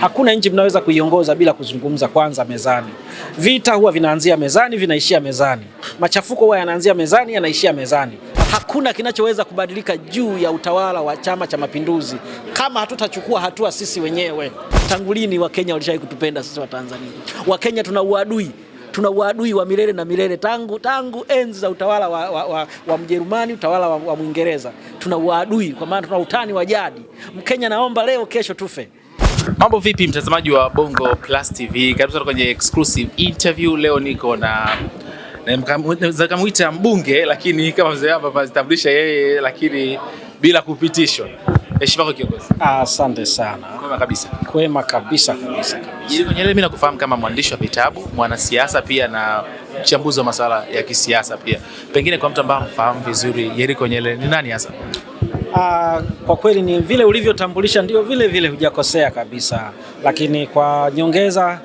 Hakuna nchi mnaweza kuiongoza bila kuzungumza kwanza mezani. Vita huwa vinaanzia mezani, vinaishia mezani. Machafuko huwa yanaanzia mezani, yanaishia mezani. Hakuna kinachoweza kubadilika juu ya utawala wa Chama cha Mapinduzi kama hatutachukua hatua sisi wenyewe. Tangu lini Wakenya walishai kutupenda sisi Watanzania? Wakenya tuna uadui tuna uadui wa milele na milele tangu tangu enzi za utawala wa, wa, wa, wa Mjerumani, utawala wa, wa Mwingereza. Tuna uadui kwa maana tuna utani wa jadi. Mkenya naomba leo, kesho tufe. Mambo vipi, mtazamaji wa Bongo Plus TV, karibu sana kwenye exclusive interview. Leo niko na kamwita mbunge, lakini kama mzee hapa anajitambulisha yeye, lakini bila kupitishwa. Heshima kwa kiongozi. Asante sana. Kwema kabisa. Kwema kabisa kabisa kabisa. Kwenye mimi nakufahamu kama mwandishi wa vitabu, mwanasiasa pia na mchambuzi wa masuala ya kisiasa pia. Pengine kwa mtu ambaye amfahamu vizuri Yeriko Nyerere ni nani hasa? Uh, kwa kweli ni vile ulivyotambulisha ndio vile vile, hujakosea kabisa, lakini kwa nyongeza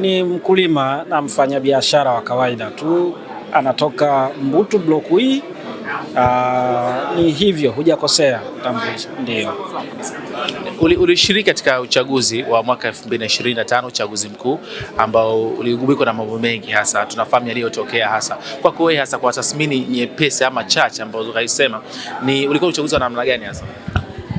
ni mkulima na mfanyabiashara wa kawaida tu, anatoka Mbutu block e. hii. Ah, ni hivyo, hujakosea tambulisha ndio ulishiriki katika uchaguzi wa mwaka 2025 uchaguzi mkuu ambao uligubikwa na mambo mengi, hasa tunafahamu yaliyotokea, hasa kwako wewe, hasa kwa tathmini nyepesi ama chache ambazo kaisema, ni ulikuwa uchaguzi wa namna gani hasa?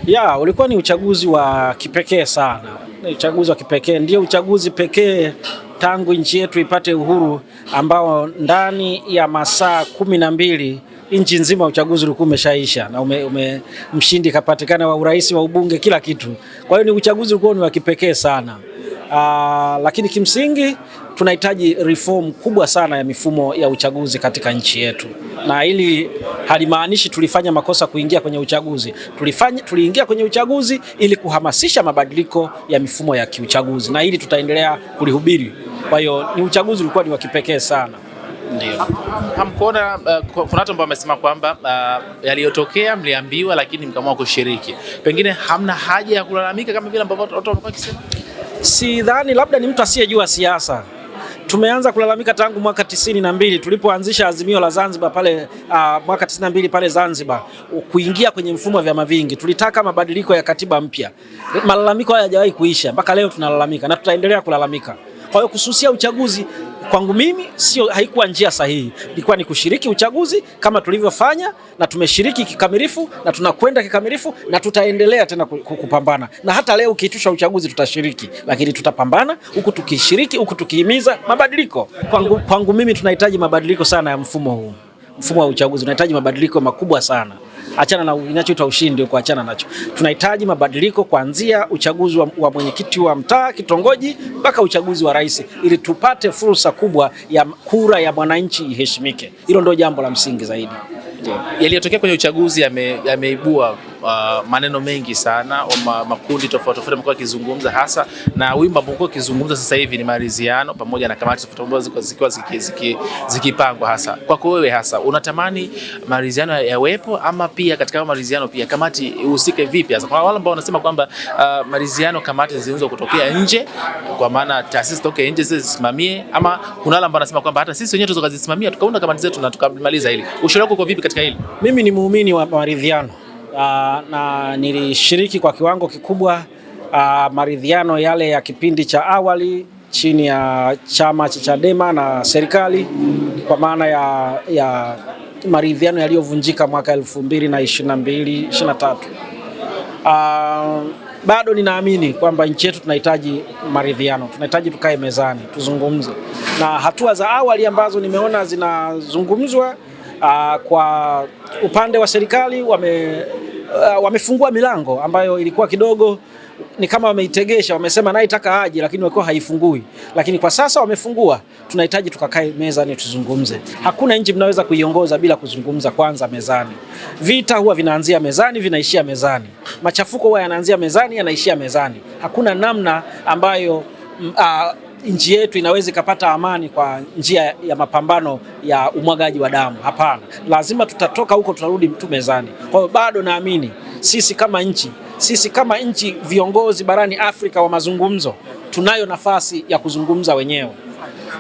Ya, ulikuwa ni uchaguzi wa kipekee sana, ni uchaguzi wa kipekee, ndio uchaguzi pekee tangu nchi yetu ipate uhuru ambao ndani ya masaa kumi na mbili nchi nzima uchaguzi ulikuwa umeshaisha na ume, ume, mshindi kapatikana wa urais wa ubunge kila kitu. Kwa hiyo ni uchaguzi ulikuwa ni wa kipekee sana. Aa, ah, lakini kimsingi tunahitaji reform kubwa sana ya mifumo ya uchaguzi katika nchi yetu, na hili halimaanishi tulifanya makosa kuingia kwenye uchaguzi. Tulifanya, tuliingia kwenye uchaguzi ili kuhamasisha mabadiliko ya mifumo ya kiuchaguzi, na hili tutaendelea kulihubiri. Kwa hiyo ni uchaguzi ulikuwa ni wa kipekee sana. Ndio. Hamkuona uh, kuna watu ambao wamesema kwamba uh, yaliyotokea mliambiwa, lakini mkaamua kushiriki, pengine hamna haja ya kulalamika kama vile ambavyo watu wamekuwa wakisema. Si dhani labda ni mtu asiyejua siasa. Tumeanza kulalamika tangu mwaka tisini na mbili tulipoanzisha Azimio la Zanzibar pale uh, mwaka tisini na mbili pale Zanzibar, kuingia kwenye mfumo wa vyama vingi. Tulitaka mabadiliko ya katiba mpya, malalamiko haya hayajawahi kuisha mpaka leo, tunalalamika na tutaendelea kulalamika. Kwa hiyo kususia uchaguzi kwangu mimi sio, haikuwa njia sahihi. Ilikuwa ni kushiriki uchaguzi kama tulivyofanya, na tumeshiriki kikamilifu na tunakwenda kikamilifu na tutaendelea tena kupambana, na hata leo ukiitisha uchaguzi tutashiriki, lakini tutapambana huku tukishiriki, huku tukihimiza mabadiliko. Kwangu, kwangu mimi tunahitaji mabadiliko sana ya mfumo huu. Mfumo wa uchaguzi unahitaji mabadiliko makubwa sana achana na inachoitwa ushindi huko, achana nacho. Tunahitaji mabadiliko kuanzia uchaguzi wa, wa mwenyekiti wa mtaa, kitongoji mpaka uchaguzi wa rais, ili tupate fursa kubwa ya kura ya mwananchi iheshimike. Hilo ndio jambo la msingi zaidi. Yaliyotokea kwenye uchaguzi yameibua uh, maneno mengi sana ma, makundi tofauti tofauti amekuwa akizungumza hasa, na wimbo ambao umekuwa akizungumza sasa hivi ni maridhiano, pamoja na kamati tofauti ambazo zikiwa zikipangwa. Hasa kwako wewe, hasa unatamani maridhiano yawepo, ama pia katika maridhiano pia kamati ihusike vipi? Hasa kwa wale ambao wanasema kwamba uh, maridhiano kamati zinaweza kutokea nje, kwa maana taasisi toke nje zisimamie, ama kuna wale ambao wanasema kwamba hata sisi wenyewe tunaweza kuzisimamia tukaunda kamati zetu na tukamaliza hili. Ushauri wako uko vipi katika hili? Mimi ni muumini wa maridhiano. Ah, na nilishiriki kwa kiwango kikubwa ah, maridhiano yale ya kipindi cha awali chini ya chama cha Chadema na serikali kwa maana ya, ya maridhiano yaliyovunjika mwaka 2022 23. Uh, bado ninaamini kwamba nchi yetu tunahitaji maridhiano, tunahitaji tukae mezani tuzungumze, na hatua za awali ambazo nimeona zinazungumzwa uh, kwa upande wa serikali wame uh, wamefungua milango ambayo ilikuwa kidogo ni kama wameitegesha, wamesema naitaka aje, lakini walikuwa haifungui. Lakini kwa sasa wamefungua, tunahitaji tukakae mezani tuzungumze. Hakuna nchi mnaweza kuiongoza bila kuzungumza kwanza mezani. Vita huwa vinaanzia mezani, vinaishia mezani. Machafuko huwa yanaanzia mezani, yanaishia mezani. Hakuna namna ambayo mm, uh, nchi yetu inaweza ikapata amani kwa njia ya mapambano ya umwagaji wa damu. Hapana, lazima tutatoka huko, tutarudi mtu mezani. Kwa hiyo bado naamini sisi kama nchi, sisi kama nchi, viongozi barani Afrika wa mazungumzo, tunayo nafasi ya kuzungumza wenyewe.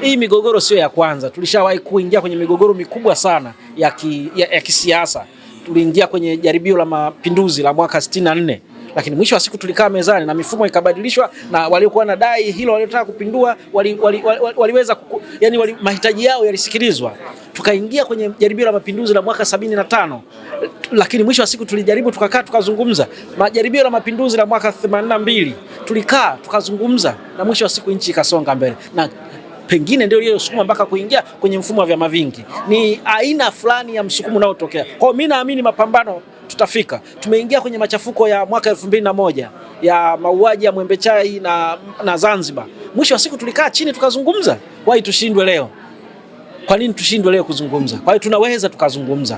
Hii migogoro sio ya kwanza, tulishawahi kuingia kwenye migogoro mikubwa sana ya, ki, ya, ya kisiasa. Tuliingia kwenye jaribio la mapinduzi la mwaka 64 lakini mwisho wa siku tulikaa mezani na mifumo ikabadilishwa, na waliokuwa na dai hilo waliotaka kupindua wali, wali, wali, wali, waliweza kuku, yani wali, mahitaji yao yalisikilizwa, tukaingia kwenye jaribio la mapinduzi la mwaka sabini na tano lakini mwisho wa siku tulijaribu, tukakaa tukazungumza. Majaribio la mapinduzi la mwaka themanini na mbili tulikaa tukazungumza, na mwisho wa siku nchi ikasonga mbele na pengine ndio iliyosukuma mpaka kuingia kwenye mfumo wa vyama vingi. Ni aina fulani ya msukumo unaotokea kwao. Mimi naamini mapambano tutafika. Tumeingia kwenye machafuko ya mwaka elfu mbili na moja ya mauaji ya Mwembe Chai na, na Zanzibar. Mwisho wa siku tulikaa chini tukazungumza, wai tushindwe leo? Kwa nini tushindwe leo kuzungumza? Kwa hiyo tunaweza tukazungumza.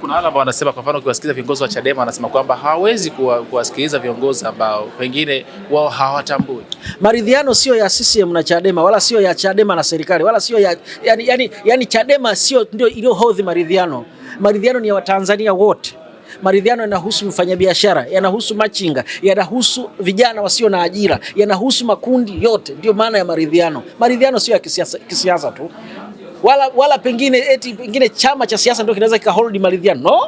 Kuna wale ambao wanasema, kwa mfano, ukiwasikiliza viongozi wa Chadema wanasema kwamba hawawezi kuwasikiliza viongozi ambao pengine wao hawatambui. Maridhiano sio ya CCM na Chadema wala sio ya Chadema na serikali wala sio ya yani, yani, yani Chadema sio ndio iliyohodhi maridhiano. Maridhiano ni ya Watanzania wote maridhiano yanahusu mfanyabiashara, yanahusu machinga, yanahusu vijana wasio na ajira, yanahusu makundi yote. Ndio maana ya maridhiano. Maridhiano sio ya kisiasa, kisiasa tu wala, wala pengine eti pengine chama cha siasa ndio kinaweza kikahold maridhiano no?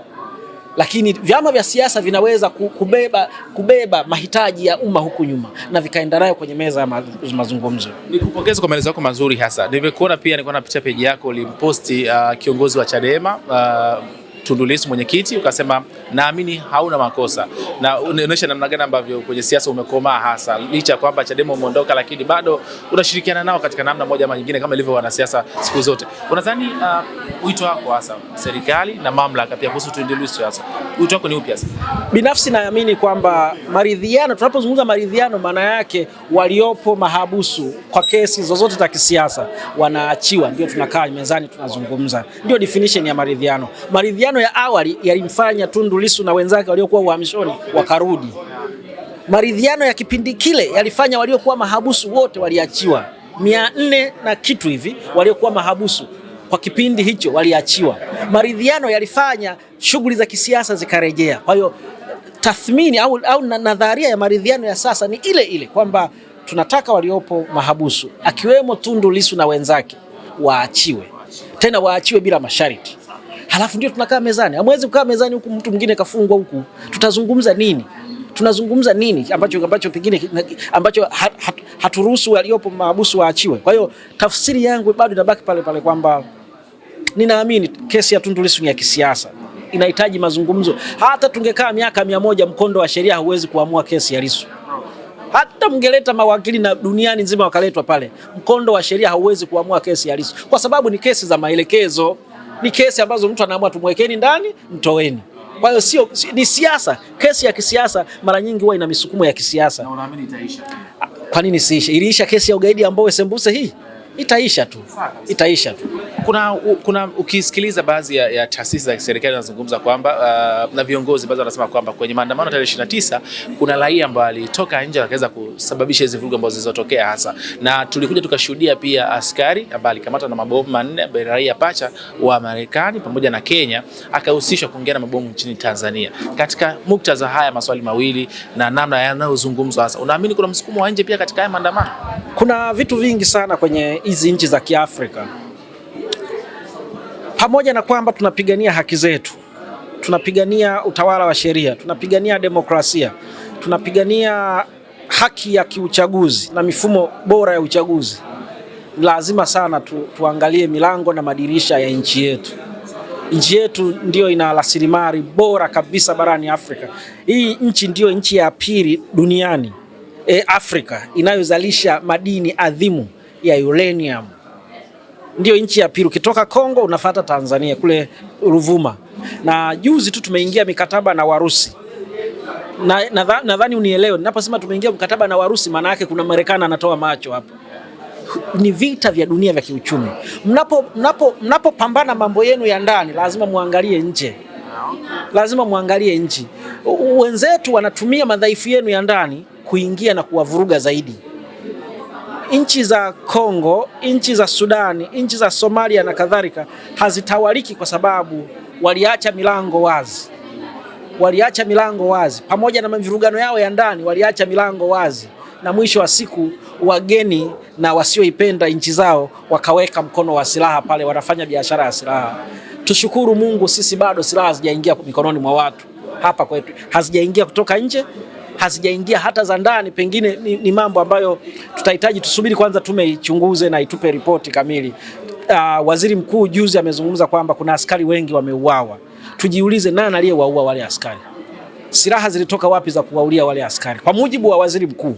Lakini vyama vya siasa vinaweza kubeba, kubeba mahitaji ya umma huku nyuma na vikaenda nayo kwenye meza ya mazungumzo. Nikupongeze kwa maelezo yako mazuri, hasa nimekuona pia, nilikuwa napitia peji yako ulimposti uh, kiongozi wa Chadema uh, Tundu Lissu mwenyekiti, ukasema naamini hauna makosa, na unaonyesha namna gani ambavyo kwenye siasa umekomaa, hasa licha ya kwamba Chadema umeondoka, lakini bado unashirikiana nao katika namna moja ama nyingine, kama ilivyo wanasiasa siku zote. Unadhani uh, wito wako hasa serikali na mamlaka pia kuhusu Tundu Lissu hasa wito wako ni upi hasa? Binafsi naamini kwamba maridhiano, tunapozungumza maridhiano, maana yake waliopo mahabusu kwa kesi zozote za kisiasa wanaachiwa, ndio tunakaa mezani tunazungumza, ndio definition ya maridhiano. Maridhiano maandamano ya awali yalimfanya Tundu Lissu na wenzake waliokuwa uhamishoni wakarudi. Maridhiano ya kipindi kile yalifanya waliokuwa mahabusu wote waliachiwa, mia nne na kitu hivi waliokuwa mahabusu kwa kipindi hicho waliachiwa. Maridhiano yalifanya shughuli za kisiasa zikarejea. Kwa hiyo tathmini au, au nadharia ya maridhiano ya sasa ni ile ile kwamba tunataka waliopo mahabusu akiwemo Tundu Lissu na wenzake waachiwe, tena waachiwe bila masharti halafu ndio tunakaa mezani. Hamwezi kukaa mezani huku mtu mwingine kafungwa huku, tutazungumza nini? Tunazungumza nini ambacho ambacho pengine ambacho hat, hat, haturuhusu waliopo mahabusu waachiwe? Kwa hiyo tafsiri yangu bado inabaki pale pale kwamba ninaamini kesi ya Tundu Lissu ni ya kisiasa, inahitaji mazungumzo. Hata tungekaa miaka mia moja, mkondo wa sheria hauwezi kuamua kesi ya Lissu. Hata mngeleta mawakili na duniani nzima wakaletwa pale, mkondo wa sheria hauwezi kuamua kesi ya Lissu, kwa sababu ni kesi za maelekezo ni kesi ambazo mtu anaamua tumwekeni ndani, mtoweni. Kwa hiyo sio ni siasa. Kesi ya kisiasa mara nyingi huwa ina misukumo ya kisiasa. Na unaamini itaisha? Kwa nini siisha? Iliisha kesi ya ugaidi ambao Sembuse hii itaisha tu, itaisha tu kuna, kuna ukisikiliza baadhi ya, ya taasisi za serikali zinazungumza kwamba uh, na viongozi baadhi wanasema kwamba kwenye maandamano tarehe 29 kuna raia ambao walitoka nje wakaweza kusababisha hizo vurugu ambazo zilizotokea hasa, na tulikuja tukashuhudia pia askari ambaye alikamata na mabomu manne, raia pacha wa Marekani pamoja na Kenya, akahusishwa kuongea na mabomu nchini Tanzania. Katika muktadha haya maswali mawili na namna yanayozungumzwa hasa, unaamini kuna msukumo wa nje pia katika haya maandamano? Kuna vitu vingi sana kwenye hizi nchi za Kiafrika pamoja na kwamba tunapigania haki zetu, tunapigania utawala wa sheria, tunapigania demokrasia, tunapigania haki ya kiuchaguzi na mifumo bora ya uchaguzi, lazima sana tu, tuangalie milango na madirisha ya nchi yetu. Nchi yetu ndiyo ina rasilimali bora kabisa barani Afrika. Hii nchi ndiyo nchi ya pili duniani, e, Afrika inayozalisha madini adhimu ya uranium ndio nchi ya pili. Ukitoka Kongo unafata Tanzania kule Ruvuma, na juzi tu tumeingia mikataba na Warusi nadhani na, nadhani na unielewe ninaposema tumeingia mkataba na Warusi, maana yake kuna Marekani anatoa macho hapa. Ni vita vya dunia vya kiuchumi. Mnapopambana mnapo, mambo yenu ya ndani, lazima muangalie nje, lazima muangalie nje. Wenzetu wanatumia madhaifu yenu ya ndani kuingia na kuwavuruga zaidi nchi za Kongo, nchi za Sudani, nchi za Somalia na kadhalika hazitawaliki kwa sababu waliacha milango wazi, waliacha milango wazi pamoja na mavurugano yao ya ndani, waliacha milango wazi, na mwisho wa siku wageni na wasioipenda nchi zao wakaweka mkono wa silaha pale, wanafanya biashara ya silaha. Tushukuru Mungu, sisi bado silaha hazijaingia mikononi mwa watu hapa kwetu, hazijaingia kutoka nje hazijaingia hata za ndani, pengine ni, ni mambo ambayo tutahitaji tusubiri kwanza tume ichunguze na itupe ripoti kamili. Uh, waziri mkuu juzi amezungumza kwamba kuna askari wengi wameuawa. Tujiulize, nani aliyewaua wale askari? Silaha zilitoka wapi za kuwaulia wale askari, kwa mujibu wa waziri mkuu?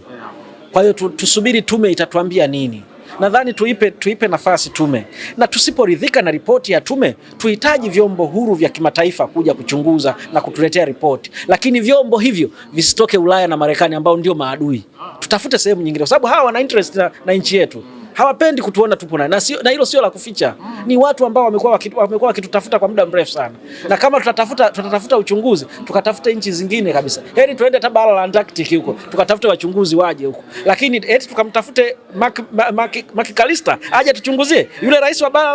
Kwa hiyo tusubiri tume itatuambia nini. Nadhani tuipe, tuipe nafasi tume, na tusiporidhika na ripoti ya tume, tuhitaji vyombo huru vya kimataifa kuja kuchunguza na kutuletea ripoti, lakini vyombo hivyo visitoke Ulaya na Marekani ambao ndio maadui. Tutafute sehemu nyingine, kwa sababu hawa wana interest na, na nchi yetu hawapendi kutuona tupo na na na hilo sio la kuficha. Ni watu ambao wamekuwa wamekuwa wakitutafuta kwa muda mrefu sana, na kama tutatafuta tutatafuta uchunguzi tukatafuta nchi zingine kabisa. Heri tuende hata bara la Antarctic huko tukatafute wachunguzi waje huko, lakini eti tukamtafute Mark, Mark, Mark aje tuchunguzie yule rais wa bara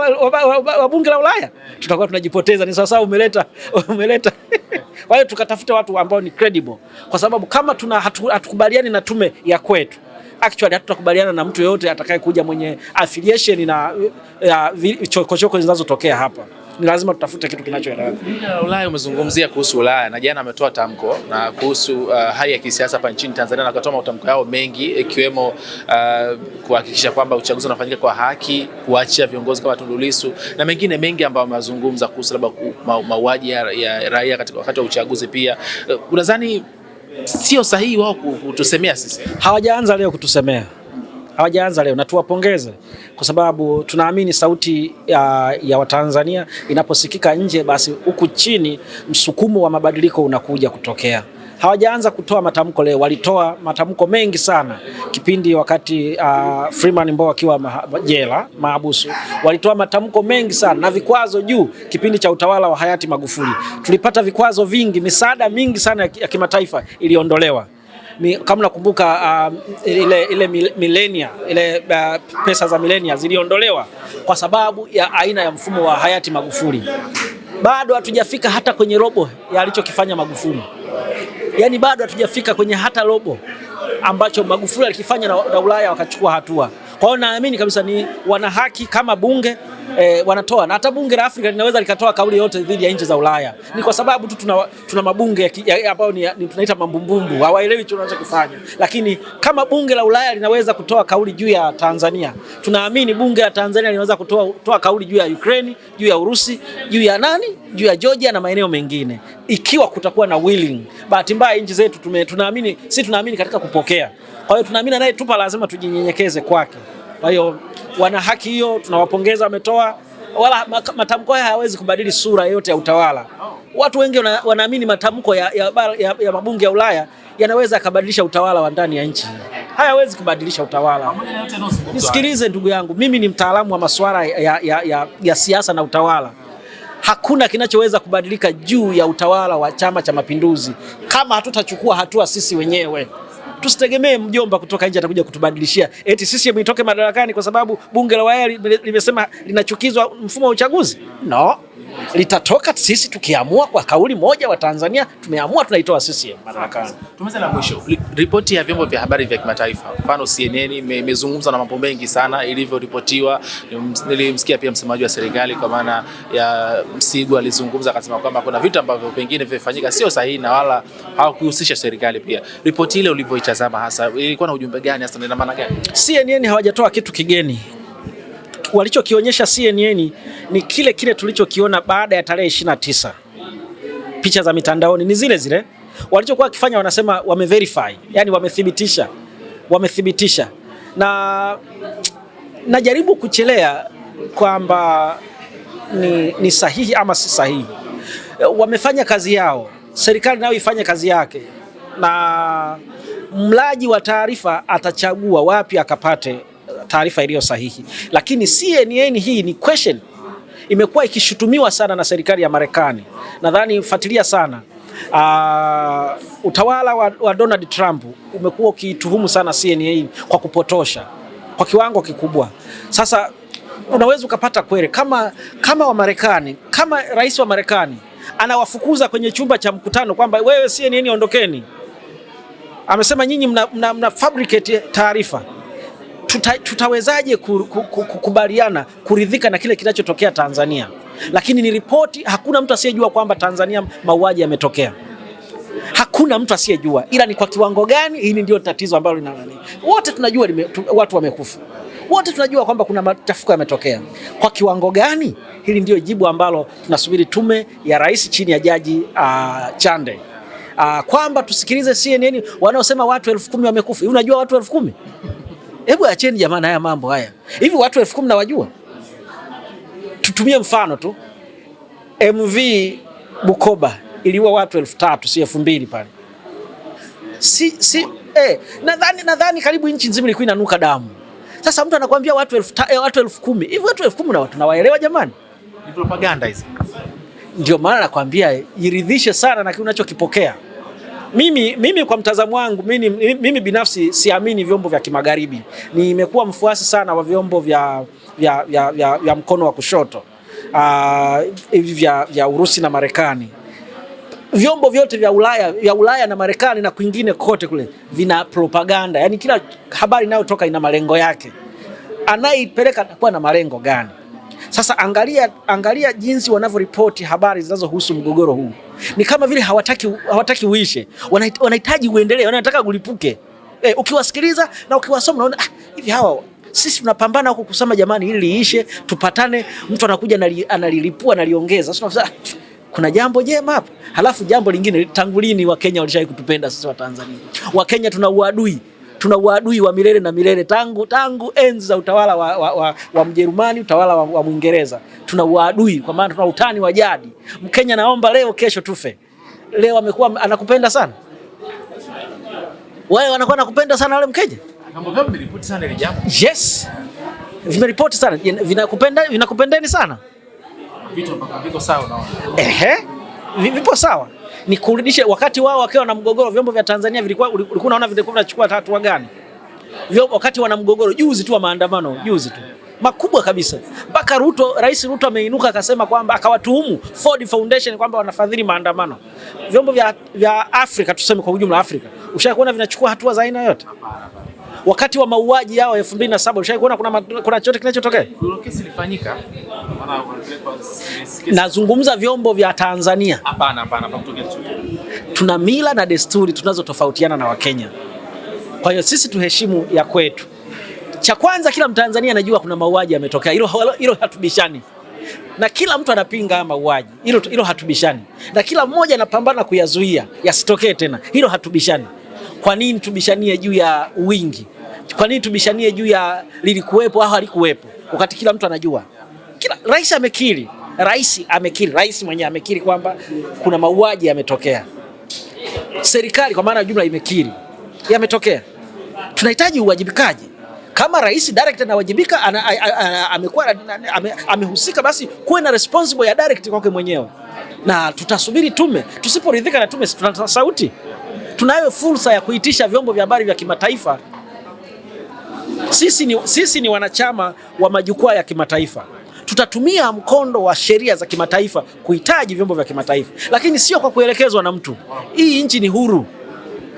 wa bunge la Ulaya, tutakuwa tunajipoteza. Ni sasa umeleta umeleta kwa hiyo tukatafuta watu ambao ni credible, kwa sababu kama tuna hatukubaliani na tume ya kwetu actually hatutakubaliana na mtu yeyote atakayekuja mwenye affiliation na chokochoko zinazotokea hapa. Ni lazima tutafute kitu kinachoeleweka. Ulaya umezungumzia kuhusu Ulaya na jana ametoa tamko na kuhusu uh, hali ya kisiasa hapa nchini Tanzania, na akatoa matamko yao mengi ikiwemo uh, kuhakikisha kwamba uchaguzi unafanyika kwa haki, kuachia viongozi kama Tundu Lissu na mengine mengi ambayo amezungumza kuhusu labda mauaji ya raia katika wakati wa uchaguzi pia. Uh, unadhani sio sahihi wao kutusemea sisi. Hawajaanza leo kutusemea, hawajaanza leo, na tuwapongeze kwa sababu tunaamini sauti ya, ya Watanzania inaposikika nje, basi huku chini msukumo wa mabadiliko unakuja kutokea hawajaanza kutoa matamko leo, walitoa matamko mengi sana kipindi wakati uh, Freeman Mbowe akiwa jela mahabusu, walitoa matamko mengi sana na vikwazo juu. Kipindi cha utawala wa hayati Magufuli tulipata vikwazo vingi, misaada mingi sana ya kimataifa iliondolewa kama nakumbuka uh, ile, ile milenia ile uh, pesa za milenia ziliondolewa kwa sababu ya aina ya mfumo wa hayati Magufuli. Bado hatujafika hata kwenye robo ya alichokifanya Magufuli yani bado hatujafika kwenye hata robo ambacho Magufuli alikifanya na, na Ulaya wakachukua hatua. Kwa hiyo naamini kabisa ni wana haki kama bunge eh, wanatoa na hata bunge la Afrika linaweza likatoa kauli yote dhidi ya nchi za Ulaya. Ni kwa sababu tu tuna, tuna mabunge ambayo ni, ni tunaita mambumbumbu, hawaelewi kufanya. Lakini kama bunge la Ulaya linaweza kutoa kauli juu ya Tanzania, tunaamini bunge la Tanzania linaweza kutoa toa kauli juu ya Ukraine, juu ya Urusi, juu ya nani, juu ya Georgia na maeneo mengine, ikiwa kutakuwa na willing. Bahati mbaya nchi zetu tunaamini, si tunaamini katika kupokea. Kwa hiyo tunaamini tupa, lazima tujinyenyekeze kwake. Kwa hiyo wana haki hiyo, tunawapongeza wametoa, wala matamko haya hayawezi kubadili sura yote ya utawala. Watu wengi wanaamini matamko ya, ya, ya, ya mabunge ya Ulaya yanaweza yakabadilisha utawala wa ndani ya nchi. Hayawezi kubadilisha utawala. Nisikilize ndugu yangu, mimi ni mtaalamu wa masuala ya, ya, ya, ya siasa na utawala. Hakuna kinachoweza kubadilika juu ya utawala wa Chama cha Mapinduzi kama hatutachukua hatua sisi wenyewe. Tusitegemee mjomba kutoka nje atakuja kutubadilishia eti CCM itoke madarakani kwa sababu bunge la Ulaya limesema linachukizwa mfumo wa uchaguzi no litatoka sisi tukiamua kwa kauli moja, wa Tanzania tumeamua tunaitoa sisi madarakani. Tumeza la mwisho, ripoti ya vyombo vya habari vya kimataifa, mfano CNN imezungumza na mambo mengi sana ilivyoripotiwa. Nilimsikia pia msemaji wa serikali kwa maana ya Msigu alizungumza akasema kwamba kuna vitu ambavyo pengine vimefanyika sio sahihi na wala hawakuhusisha serikali. Pia ripoti ile ulivyoitazama hasa ilikuwa na ujumbe gani hasa na maana gani? CNN hawajatoa kitu kigeni walichokionyesha CNN ni kile kile tulichokiona baada ya tarehe 29. Picha za mitandaoni ni zile zile walichokuwa wakifanya, wanasema wameverify, yani wamethibitisha, wamethibitisha. Na najaribu kuchelea kwamba ni, ni sahihi ama si sahihi. Wamefanya kazi yao, serikali nayo ifanye kazi yake, na mlaji wa taarifa atachagua wapi akapate taarifa iliyo sahihi. Lakini CNN hii ni question imekuwa ikishutumiwa sana na serikali ya Marekani. Nadhani fuatilia sana uh, utawala wa, wa Donald Trump umekuwa ukituhumu sana CNN kwa kupotosha kwa kiwango kikubwa. Sasa unaweza ukapata kweli kama kama wa Marekani, kama rais wa Marekani anawafukuza kwenye chumba cha mkutano kwamba wewe CNN ondokeni, amesema nyinyi mna, mna, mna fabricate taarifa tuta, tutawezaje kukubaliana kuridhika na kile kinachotokea Tanzania? Lakini ni ripoti, hakuna mtu asiyejua kwamba Tanzania mauaji yametokea. Hakuna mtu asiyejua, ila ni kwa kiwango gani. Hili ndio tatizo ambalo linalani, wote tunajua lime, tu, watu wamekufa, wote tunajua kwamba kuna machafuko yametokea. Kwa kiwango gani? Hili ndio jibu ambalo tunasubiri tume ya rais chini ya jaji uh, Chande uh, kwamba tusikilize CNN wanaosema watu elfu kumi wamekufa. Unajua watu elfu kumi Hebu acheni jamani, haya mambo haya. Hivi watu elfu kumi nawajua? Tutumie mfano tu, MV Bukoba iliua watu elfu tatu si elfu mbili pale, si, si, eh, nadhani nadhani karibu nchi nzima ilikuwa inanuka damu. Sasa mtu anakuambia watu elfu eh, watu elfu kumi hivi, watu elfu kumi na watu nawaelewa jamani? Ni propaganda hizi. Ndio maana nakwambia jiridhishe sana na kile unachokipokea. Mimi, mimi kwa mtazamo wangu mimi, mimi binafsi siamini vyombo vya kimagharibi. Nimekuwa mfuasi sana wa vyombo vya, vya, vya, vya, vya mkono wa kushoto ah, hivi uh, vya, vya Urusi na Marekani. Vyombo vyote vya Ulaya, vya Ulaya na Marekani na kwingine kote kule vina propaganda, yaani kila habari inayotoka ina malengo yake. Anayeipeleka atakuwa na malengo gani? Sasa angalia, angalia jinsi wanavyoripoti habari zinazohusu mgogoro huu. Ni kama vile hawataki, hawataki uishe, wanahitaji uendelee, wanataka ulipuke. E, ukiwasikiliza na ukiwasoma unaona ah, hivi hawa sisi tunapambana huko kusema jamani, hili liishe, tupatane. Mtu anakuja analilipua, analiongeza. Sasa ah, kuna jambo jema hapa. Halafu jambo lingine, tangulini Wakenya walishawahi kutupenda sisi Watanzania. Wakenya tuna uadui tuna uadui wa milele na milele tangu tangu enzi za utawala wa, wa, wa, wa Mjerumani, utawala wa, wa Mwingereza. Tuna uadui kwa maana tuna utani wa jadi. Mkenya naomba leo, kesho tufe. Leo amekuwa anakupenda sana wewe, anakuwa anakupenda sana wale Mkenya. Yes, vimeripoti sana, vinakupenda vinakupendeni sana, vipo sawa ni kurudisha. Wakati wao wakiwa na mgogoro, vyombo vya Tanzania vilikuwa, ulikuwa unaona vilikuwa vinachukua hatua gani? Wakati wana mgogoro juzi tu wa maandamano juzi tu makubwa kabisa mpaka Ruto, Rais Ruto ameinuka akasema kwamba akawatuhumu Ford Foundation kwamba wanafadhili maandamano. Vyombo vya, vya Afrika tuseme kwa ujumla Afrika ushakuona vinachukua hatua za aina yote wakati wa mauaji yao 2007 ushawahi kuona kuna, kuna chochote kinachotokea? Kesi ilifanyika. Nazungumza vyombo vya Tanzania. Hapana, hapana, tuna mila na desturi tunazotofautiana na Wakenya, kwa hiyo sisi tuheshimu ya kwetu. Cha kwanza, kila Mtanzania anajua kuna mauaji yametokea, hilo hilo hatubishani, na kila mtu anapinga haya mauaji, hilo hilo hatubishani, na kila mmoja anapambana kuyazuia yasitokee tena, hilo hatubishani. Kwa nini tubishanie juu ya wingi? Kwa nini tubishanie juu ya lilikuwepo au halikuwepo, wakati kila mtu anajua, kila rais amekiri, rais amekiri, rais mwenyewe amekiri kwamba kuna mauaji yametokea. Serikali kwa maana ya jumla imekiri yametokea. Tunahitaji uwajibikaji. Kama rais direct anawajibika, amekuwa amehusika, basi kuwe na responsible ya direct kwake mwenyewe, na tutasubiri tume. Tusiporidhika na tume, tuna sauti tunayo fursa ya kuitisha vyombo vya habari vya kimataifa. Sisi ni, sisi ni wanachama wa majukwaa ya kimataifa. Tutatumia mkondo wa sheria za kimataifa kuhitaji vyombo vya kimataifa, lakini sio kwa kuelekezwa na mtu. Hii nchi ni huru,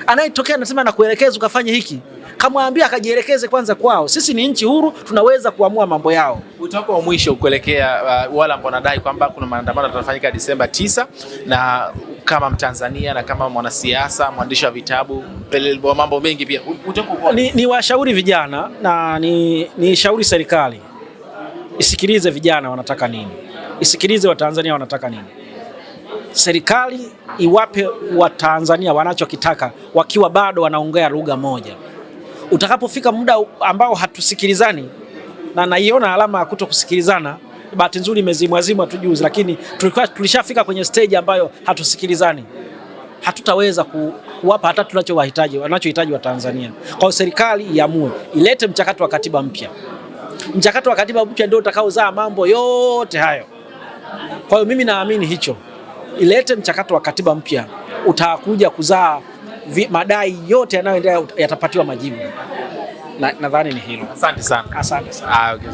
anayetokea anasema na kuelekezwa kafanye hiki, kamwambia akajielekeze kwanza kwao. Sisi ni nchi huru, tunaweza kuamua mambo yao. Utakuwa wa mwisho kuelekea uh, wale ambao wanadai kwamba kuna maandamano yatafanyika Disemba 9 na kama Mtanzania na kama mwanasiasa, mwandishi wa vitabu, mambo mengi pia ni, ni washauri vijana na ni, ni shauri serikali isikilize vijana wanataka nini, isikilize Watanzania wanataka nini. Serikali iwape Watanzania wanachokitaka wakiwa bado wanaongea lugha moja. Utakapofika muda ambao hatusikilizani, na naiona alama ya kuto kusikilizana bahati nzuri imezimwa zimwa tu juzi, lakini tulikuwa tulishafika kwenye stage ambayo hatusikilizani, hatutaweza ku, kuwapa hata tunachowahitaji wanachohitaji wa Tanzania. Kwa hiyo serikali iamue, ilete mchakato wa katiba mpya. Mchakato wa katiba mpya ndio utakaozaa mambo yote hayo. Kwa hiyo mimi naamini hicho, ilete mchakato wa katiba mpya utakuja kuzaa madai yote yanayoendelea yatapatiwa majibu. Nadhani na ni hilo. Asante sana. Asante sana. Ah, okay.